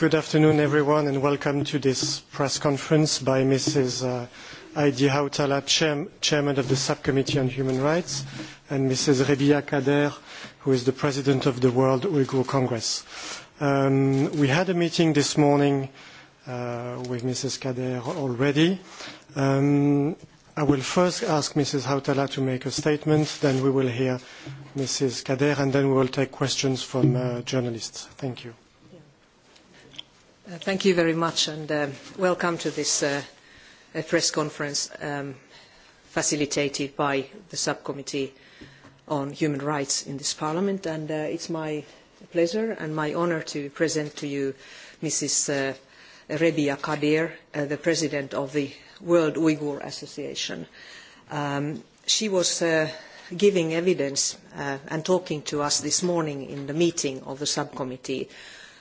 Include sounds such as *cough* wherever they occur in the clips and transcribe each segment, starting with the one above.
Good afternoon, everyone, and welcome to this press conference by Mrs. Uh, Heidi Hautala, chair, Chairman of the Subcommittee on Human Rights, and Mrs. Rebiya Kader, who is the President of the World Uyghur Congress. Um, we had a meeting this morning uh, with Mrs. Kader already. Um, I will first ask Mrs. Hautala to make a statement, then we will hear Mrs. Kader, and then we will take questions from uh, journalists. Thank you. Uh, thank you very much and uh, welcome to this uh, press conference um, facilitated by the subcommittee on human rights in this parliament and uh, it's my pleasure and my honor to present to you Mrs. Uh, Rebia Kadir, uh, the president of the World Uyghur Association. Um, she was uh, giving evidence uh, and talking to us this morning in the meeting of the subcommittee uh,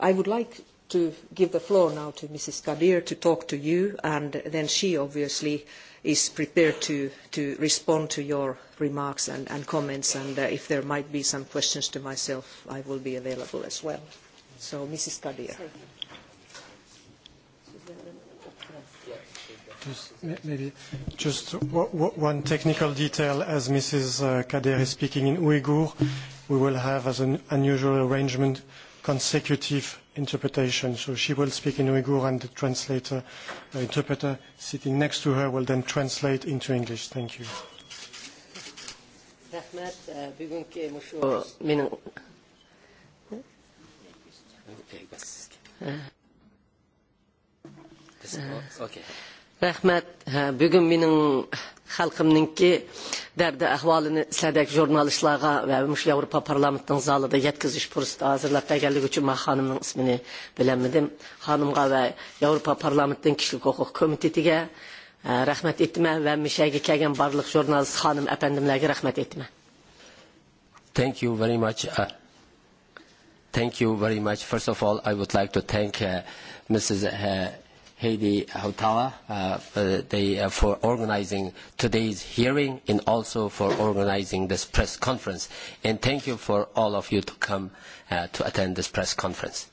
I would like to give the floor now to Mrs. Kadir to talk to you, and then she obviously is prepared to, to respond to your remarks and, and comments, and uh, if there might be some questions to myself, I will be available as well. So, Mrs. Kadir. Just, maybe just one technical detail. As Mrs. Uh, Kader is speaking in Uyghur, we will have, as an unusual arrangement, uh, consecutive interpretation. So she will speak in Uyghur and the translator, the uh, interpreter sitting next to her will then translate into English. Thank you. rahmat uh, bugungi mushu mening rahmat bugun mening xalqimninki dərdi əhvalını sədək jurnalistlara və müş Avropa parlamentinin zalında yetkizmiş fürsəti hazırlab bəgərlik üçün mən xanımın ismini bilənmədim. Xanımğa və Avropa parlamentinin kişilik hüquq komitetigə e, rəhmət etmə və müşəyə gələn barlıq jurnalist xanım əpəndimlərə rəhmət etmə. Thank you very much. Uh, thank you very much. First of all, I would like to thank uh, Mrs. Uh, Heidi Hautala uh, uh, they, uh, for organizing today's hearing and also for organizing this press conference. And thank you for all of you to come uh, to attend this press conference.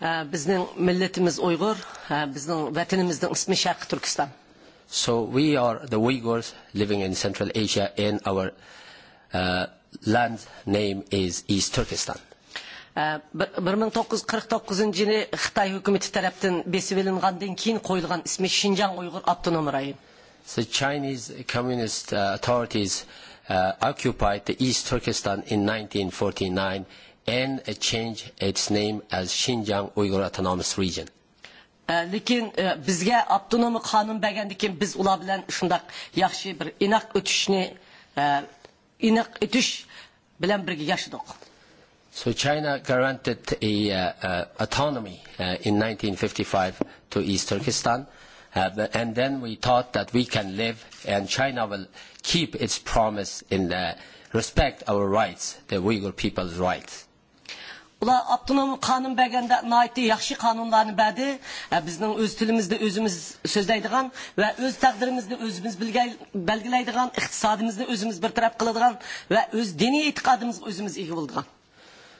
Uh, bizning millatimiz Uyg'ur, uh, bizning vatanimizning ismi Sharq Turkiston. So we are the Uyghurs living in Central Asia and our uh, land name is East Turkestan bir ming to'qqiz yuz qirq to'qqizinchi yili xitoy hukumati tarafdan besib ilingandan keyin qo'yilgan ismi shinjang uyg'ur abtonom rayon the chinese communist uh, authorities uh, occupied the east turkestan in 1949 and uh, changed its name as xinjiang uyghur autonomous region э, lekin bizga avtonomiya qonun bergandan biz ular bilan shundoq yaxshi bir inoq o'tishni inoq o'tish bilan birga yashadik So China granted a, uh, uh, autonomy uh, in 1955 to East Turkestan. Uh, and then we thought that we can live and China will keep its promise in the respect our rights, the Uyghur people's rights. Ular Abdunum qanun bəgəndə naiti yaxşı qanunlarını bədi. E, Biznin öz dilimizdə özümüz sözləydiğan və öz təqdirimizdə özümüz belgiləydiğan, iqtisadimizdə özümüz bir tərəf qıladığan və öz dini etiqadımızı özümüz iyi bulduğan.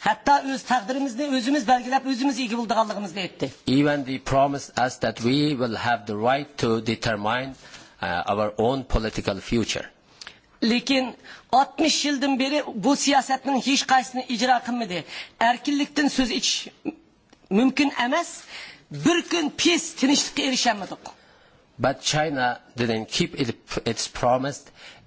hatta öz takdirimizni özümüz belgilep özümüz iyi bulduğanlığımızı etti. Even they promised us that we will have the right to determine uh, our own political future. Lekin 60 yıldan beri bu siyasetinin hiç kaysını icra kılmadı. Erkinlikten söz iç mümkün emez. Bir gün pis tinişlikte erişemedik. But China didn't keep it, its promise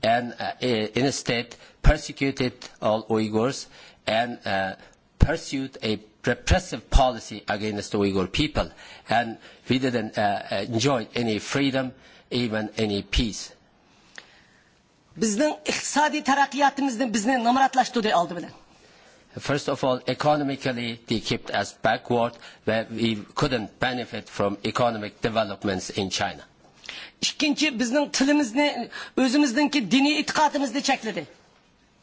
and uh, instead persecuted all Uyghurs and uh, pursued a repressive policy against the Uyghur people. And we didn't uh, enjoy any freedom, even any peace. Bizning iqtisodiy taraqqiyotimizni bizni nomratlashtirdi oldi bilan. First of all, economically, they kept us backward, where we couldn't benefit from economic developments in China. Ikkinchi, bizning tilimizni, o'zimizningki diniy e'tiqodimizni chekladi.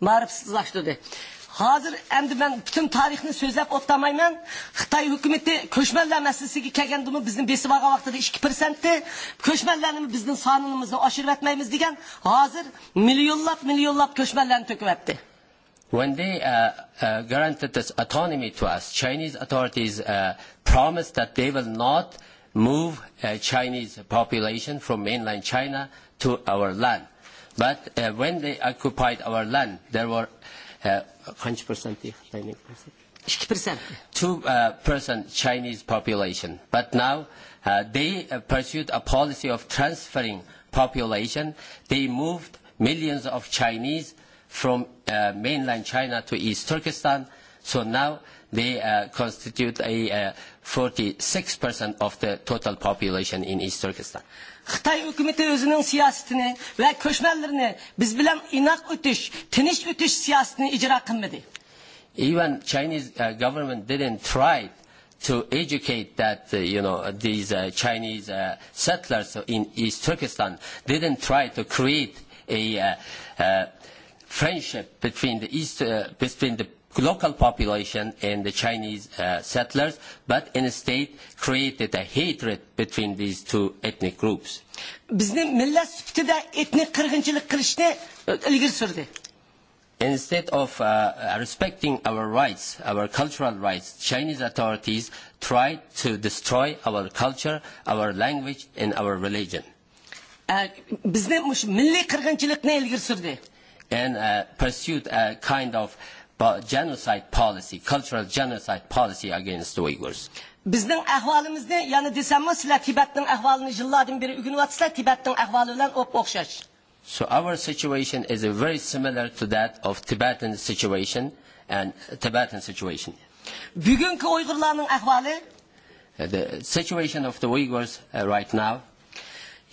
marifsizlaştırdı. Hazır endi ben bütün tarixini sözləb otlamayman. Xitay hökuməti köçmənlər məsələsini kəgəndimi bizim besivağa vaxtıda 2%-di. Köçmənlərini bizim sanımızı aşırıtməyimiz degan hazır milyonlab milyonlab köçmənlərini tökübətdi. When they uh, uh, granted this autonomy to us, Chinese authorities uh, promised that they will not move uh, Chinese population from mainland China to our land But uh, when they occupied our land, there were uh, 100% two uh, percent Chinese population. But now uh, they uh, pursued a policy of transferring population. They moved millions of Chinese from uh, mainland China to East Turkestan. So now they uh, constitute a uh, 46% of the total population in East Turkestan. Xitay hökuməti özünün siyasətini və köçmənlərini biz bilən inaq ötüş, tinç ötüş siyasətini icra qılmadı. Even Chinese uh, government didn't try to educate that uh, you know these uh, Chinese uh, settlers in East Turkestan didn't try to create a uh, uh, friendship between the East uh, between the local population and the Chinese uh, settlers, but instead created a hatred between these two ethnic groups. Bizning millat sutida etnik qirg'inchilik qilishni e, ilgari surdi. Instead of uh, uh, respecting our rights, our cultural rights, Chinese authorities tried to destroy our culture, our language, and our religion. E, bizni milliy qirg'inchilikni ilgari surdi. And uh, pursued a kind of uh, genocide policy, cultural genocide policy against the Uyghurs. Bizning ahvolimizni, ya'ni desammi, sizlar Tibetning ahvolini yillardan beri o'rganyapsizlar, Tibetning ahvoli bilan o'xshash. So our situation is very similar to that of Tibetan situation and Tibetan situation. Bugungi Uyg'urlarning ahvoli uh, the situation of the Uyghurs uh, right now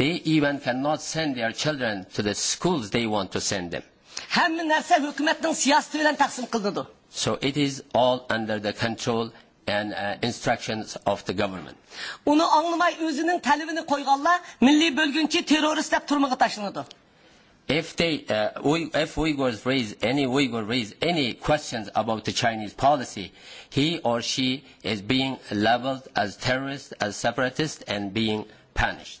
They even cannot send their children to the schools they want to send them. Həmin нәрсә хөкүмәтнең сиясәте белән тәкъсим кылынды. So it is all under the control and uh, instructions of the government. Уны аңламай үзенең талабын койганлар милли бөлгүнче террорист дип турмага ташланды. If they, uh, we, if Uyghurs raise any Uyghur raise any questions about the Chinese policy, he or she is being labeled as terrorist, as separatist, and being punished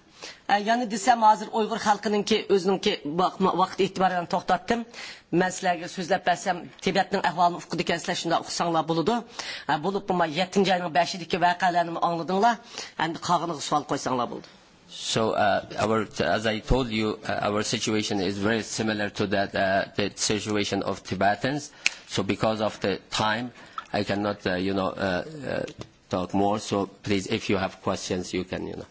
Yani desem hazır Uygur halkının ki özünün ki vakit itibaren toxtattım. Mən sizlərə sözləb bəsəm Tibetnin əhvalını oxudu ikən sizlər şunda oxusanlar buludu. Bulub buma 7-ci ayının 5-diki vəqələrini anladınlar. Əndi qağınıza sual qoysanlar buludu. So uh, our, as I told you, uh, our situation is very similar to that uh, the situation of Tibetans. So because of the time, I cannot, uh, you know, uh, uh, talk more. So please, if you have questions, you can, you know.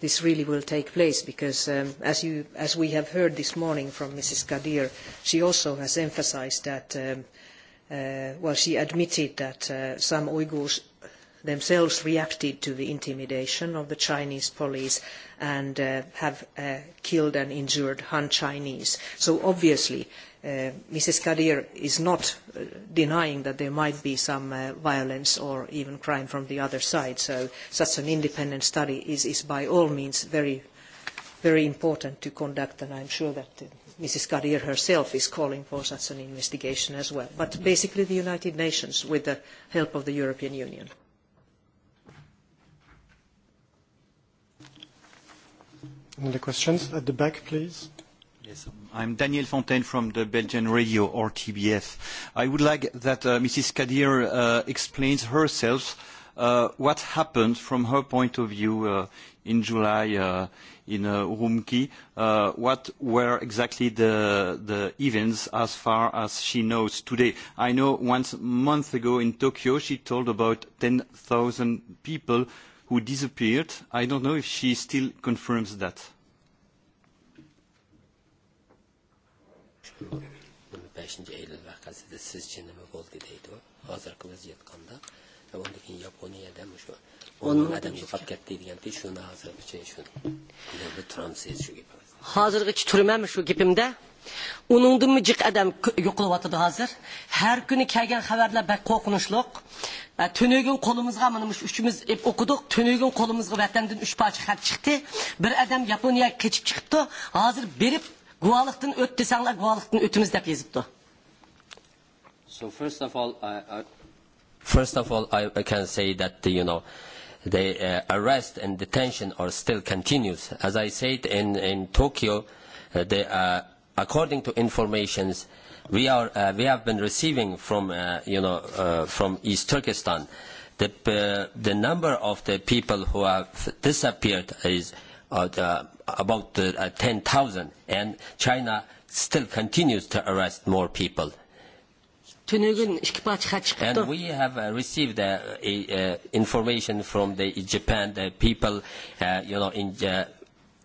this really will take place because um, as, you, as we have heard this morning from Mrs. Kadir, she also has emphasized that, um, uh, well, she admitted that uh, some Uyghurs themselves reacted to the intimidation of the Chinese police and uh, have uh, killed and injured Han Chinese. So obviously, uh, Mrs. Kadir is not uh, denying that there might be some uh, violence or even crime from the other side. So such an independent study is, is by all means very, very important to conduct, and I'm sure that uh, Mrs. Kadir herself is calling for such an investigation as well. But basically the United Nations with the help of the European Union. on the questions. At the back, please. Yes, I'm Daniel Fontaine from the Belgian radio, RTBF. I would like that uh, Mrs. Kadir uh, explains herself uh, what happened from her point of view uh, in July uh, in uh, Urumqi. Uh, what were exactly the, the events as far as she knows today? I know once a month ago in Tokyo she told about 10,000 people who disappeared. I don't know if she still confirms that. beshinchi iyul vaqasida siz nima bo'ldi deydi hozirgi vaziyatda undan keyin yaponiyada shu o'n ming odam yo'qolib ketdi deganda shuni hozirgacha shu turamiz shu hozirgacha turmanmi shu gapimda uningdimi jiq odam yo'qolyotdi hozir har kuni kelgan xabarlar bak qo'rqinchliq tünögün kolumuzga mınımış üçümüz hep okuduk. Tünögün kolumuzga vatandın üç parça hak çıktı. Bir adam Yaponiya keçip çıktı. Hazır berip guvalıktın öt desenler guvalıktın ötümüz dep yazıptı. So first of all, I, I... First of all, I can say that, you know, the uh, arrest and detention are still continues. As I said in, in Tokyo, uh, the, uh, according to informations, uh, we are uh, we have been receiving from uh, you know uh, from East Turkestan the uh, the number of the people who have disappeared is uh, the, about uh, 10,000 and China still continues to arrest more people and we have uh, received uh, a, uh, information from the Japan the people uh, you know in uh,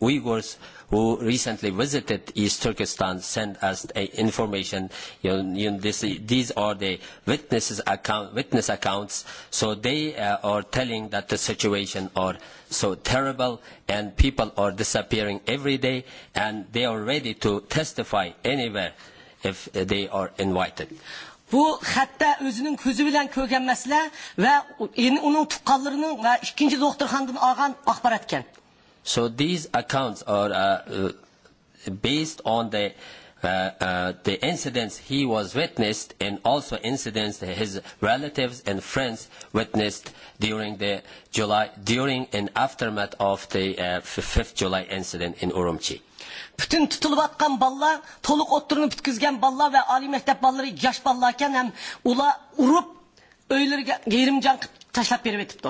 Uyghurs who recently visited East Turkestan sent us a information. You know, you know, this, these are the witnesses account, witness accounts. So they uh, are telling that the situation are so terrible and people are disappearing every day and they are ready to testify anywhere if they are invited. Bu hatta özünün közü bilen kögen mesele ve onun tukallarının ve ikinci doktor hanımın ağan akbaratken. So these accounts are uh, uh, based on the uh, uh, the incidents he was witnessed and also incidents that his relatives and friends witnessed during the July during and aftermath of the uh, 5th July incident in Urumqi. Bütün tutulup atkan ballar, toluk otturunu bitkizgen ballar ve Ali Mehtap balları yaş ballarken hem ula urup öyleri yerimcan taşlap verip etipti.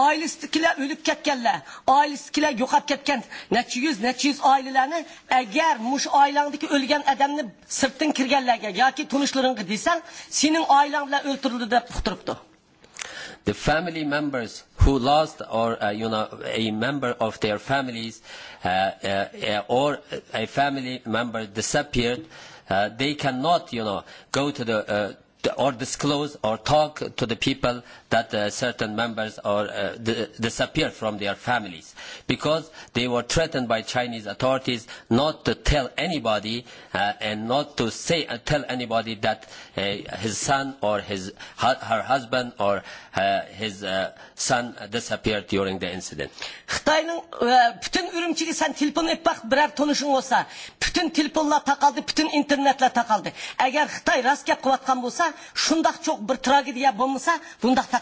oilasidagilar o'lib ketganlar oilasidagilar yo'qolib ketgan necha yuz necha yuz oilalarni agar mush oilangniki o'lgan odamni sirtdan kirganlarga yoki tanishlaringga desang sening oilang bilan o'ltirildi deb uqtiribdi the family members who lost or uh, you know a member of their families uh, uh, uh or a family member disappeared uh, they cannot you know go to the uh, or disclose or talk to the people that uh, certain members are, uh, d- disappeared from their families because they were threatened by Chinese authorities not to tell anybody uh, and not to say uh, tell anybody that uh, his son or his her, her husband or uh, his uh, son disappeared during the incident. Xitayning uh, bütün ürümçigi sen telefon et bak birer tanışın olsa bütün telefonla takaldı, bütün internetle takaldı. Eğer Xitay rast gap kıvatkan olsa şundak çok bir tragediya bulmasa bundak takaldı.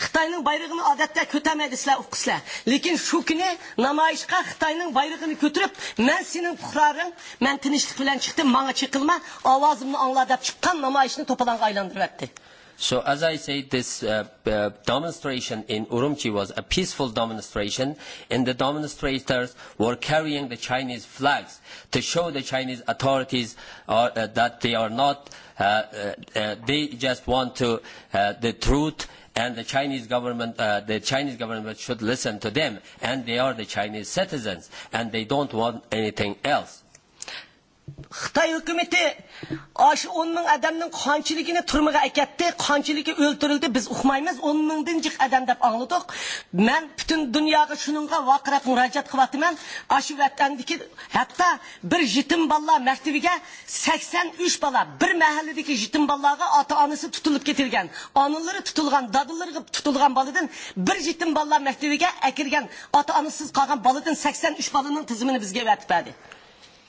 Xitayning bayrog'ini odatda ko'tarmaydi sizlar o'qisizlar lekin shu kuni namoyishga xitoyning bayrog'ini ko'tarib man sening puhroring man tinchlik bilan chiqdim manga chiqilma ovozimni angla deb chiqqan namoyishni to'polonga aylantiryapti So as I say, this uh, uh, demonstration in Urumqi was a peaceful demonstration, and the demonstrators were carrying the Chinese flags to show the Chinese authorities are, uh, uh, that they are not, uh, uh, uh, they just want to, uh, the truth and the Chinese government, uh, the Chinese government should listen to them, and they are the Chinese citizens, and they don't want anything else xitoy hukumati shu o'n ming odamning qanchiligini turmaga akatdi qanchaligi o'ltirildi biz uqmaymiz o'n mingdan jiq odam deb angladik man butun dunyoga shuninga vaqirab murojaat qilyaptiman shu vatandiki hatto bir yetim bolalar maktabiga sakson uch bola bir mahalladagi yetim bolalarga ota onasi tutilib ketilgan onalari tutilgan dadalari tutilgan boladan bir yetim bolalar maktabiga akirgan ota onasiz qolgan boladan sakson uch bolaning tizimini bizga vatibadi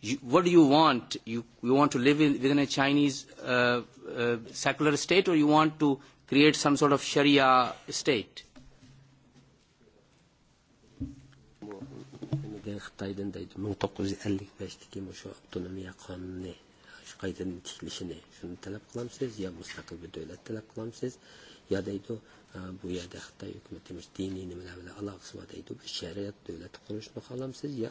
you, what do you want? You, you want to live in, within a Chinese uh, uh, secular state or you want to create some sort of Sharia state? Xitoydandagi *laughs* ming to'qqiz yuz ellik beshdagi shu avtonomiya qonuni shu qaytadan tikilishini shuni talab qilamsiz yo mustaqil bir davlat talab qilamsiz yo deydi bu yerda xitoy hukumati diniy nimalar bilan aloqasi bor deydi shariat davlati qurishni xohlamsiz yo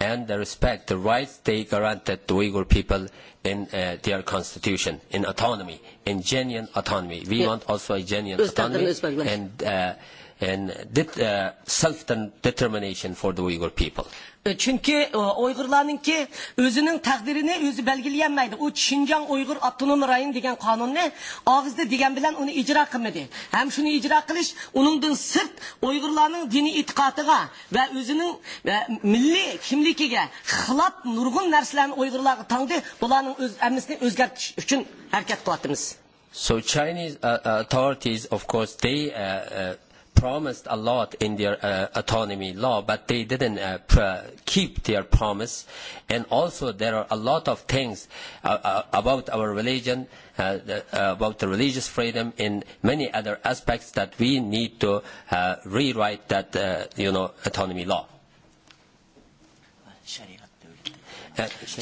and the respect the rights they granted to Uyghur people in uh, their constitution, in autonomy, in genuine autonomy. We yeah. want also a genuine Öztadın autonomy. Öztadın. And uh, and det, uh, self-determination for the Uyghur people. Çünkü e, e, Uygurlarınki özünün takdirini özü belgileyemeydi. O Şincan Uygur Autonom Rayın degen kanunni ağızda degen bilen onu icra kılmadı. Hem şunu icra kılış, onundan sırt Uygurlarının dini itikatıga ve özünün ve milli kimlikige hılat nurgun derslerini Uygurlar tanıdı. Bunların öz, emnisini özgertiş için hareket kılattınız. So Chinese uh, uh, authorities of course they uh, uh, promised a lot in their uh, autonomy law, but they didn't uh, pr- keep their promise. And also, there are a lot of things uh, uh, about our religion, uh, the, uh, about the religious freedom, and many other aspects that we need to uh, rewrite that, uh, you know, autonomy law.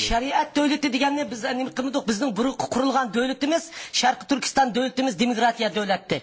шариат дәулеті дегенне біз әне қылмадық біздің бұрын құрылған дәулетіміз шарқы түркістан дәулетіміз демократия дәулеті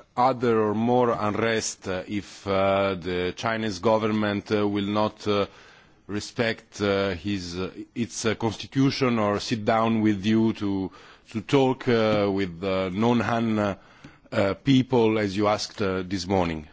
other or more unrest uh, if uh, the Chinese government uh, will not uh, respect uh, his, uh, its uh, constitution or sit down with you to, to talk uh, with uh, non-Han uh, uh, people as you asked uh, this morning?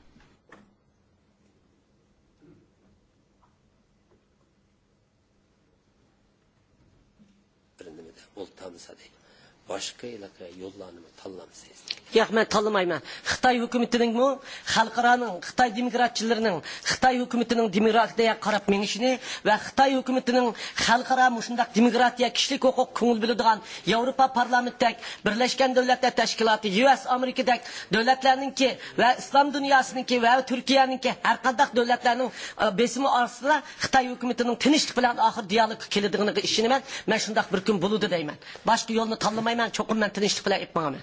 Başka ilakaya yollanmadı tanlamsız. Yo'q, men tanlamayman. Xitoy hukumatiningmi, xalqaroning Xitoy demokratchilarining Xitoy hukumatining demokratiyaga qarab minishini va Xitoy hukumatining xalqaro mushundaq demokratiya kishilik huquq ko'ngil biladigan Yevropa parlamentdak Birlashgan Davlatlar Tashkiloti US Amerikadak davlatlarninki va islom dunyosiniki va Turkiyaninki har qanday davlatlarning e, besimi ostida Xitoy hukumatining tinchlik bilan oxir dialogga keladiganiga ishonaman. Men shundaq bir kun bo'ladi deyman. Boshqa yo'lni tanlamayman, cho'qim men tinchlik bilan epmaman.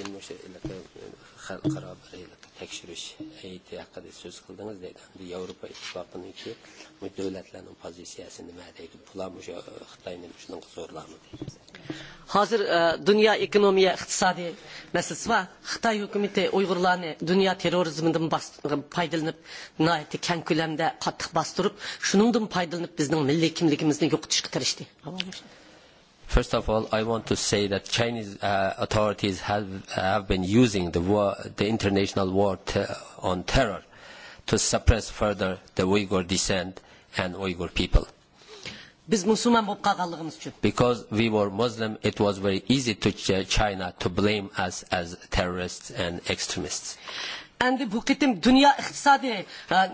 endi o'sha qarorlar tekshirish ayti e, haqida so'z qildingiz deydi endi yevropa ittifoqiniki bu davlatlarning pozitsiyasi nima deydi bular o'sha e, xitoyni shunaqa zo'rlarmi deydi hozir e, dunyo ekonomiya iqtisodiy masalasi va xitoy hukumati uyg'urlarni dunyo terrorizmidan foydalanib kang ko'lamda qattiq bostirib shundan foydalanib bizning milliy kimligimizni yo'qotishga tirishdi First of all, I want to say that Chinese uh, authorities have, have been using the, war, the international war te on terror to suppress further the Uyghur descent and Uyghur people. Biz Müslüman bolup kalganlygymyz üçin. Because we were Muslim, it was very easy to China to blame us as terrorists and extremists. endi bu qitim dunyo iqtisodi e,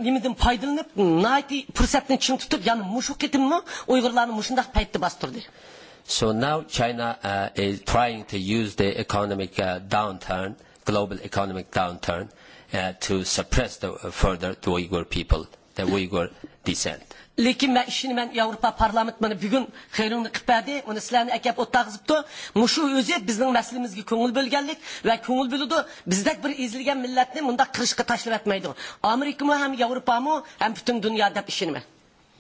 nimadan foydalanib nayti fursatni ching tutib ya'ni mushu qitimni uyg'urlarni mushundaq paytda bostirdi So now China uh, is trying to use the economic uh, downturn, global economic downturn, uh, to suppress the, uh, further the Uyghur people, the Uyghur descent. lekin man ishini man yevropa parlament mana bugun xeyrungni qilib berdi uni sizlarni akab o'tqazibdi mushu o'zi bizning maslimizga ko'ngil bo'lganlik va ko'ngil bo'ludi bizdek bir ezilgan millatni bundaq qirishqa tashlab yotmaydi amerikami ham yevropami ham butun dunyo deb ishonaman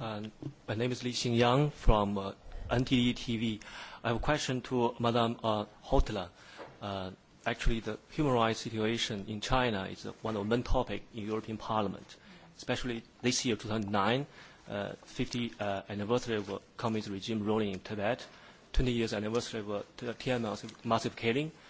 Uh, my name is Li Xingyang from uh, NTD TV. I have a question to Madame uh, Hotla. Uh, actually, the human rights situation in China is uh, one of the main topics in European Parliament, especially this year, 2009, uh, 50 uh, anniversary of uh, communist regime ruling in Tibet, 20 years anniversary of uh, Tiananmen massive killing, uh,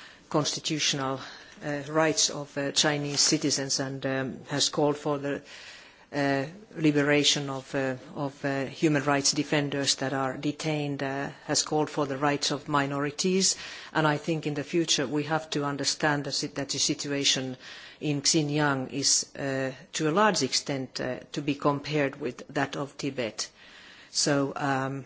constitutional uh, rights of uh, Chinese citizens and um, has called for the uh, liberation of, uh, of uh, human rights defenders that are detained, uh, has called for the rights of minorities. And I think in the future we have to understand that, that the situation in Xinjiang is uh, to a large extent uh, to be compared with that of Tibet. So um,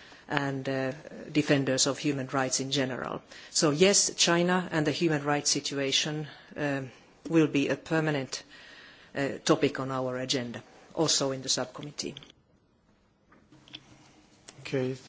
and uh, defenders of human rights in general. So yes, China and the human rights situation um, will be a permanent uh, topic on our agenda, also in the subcommittee. Okay.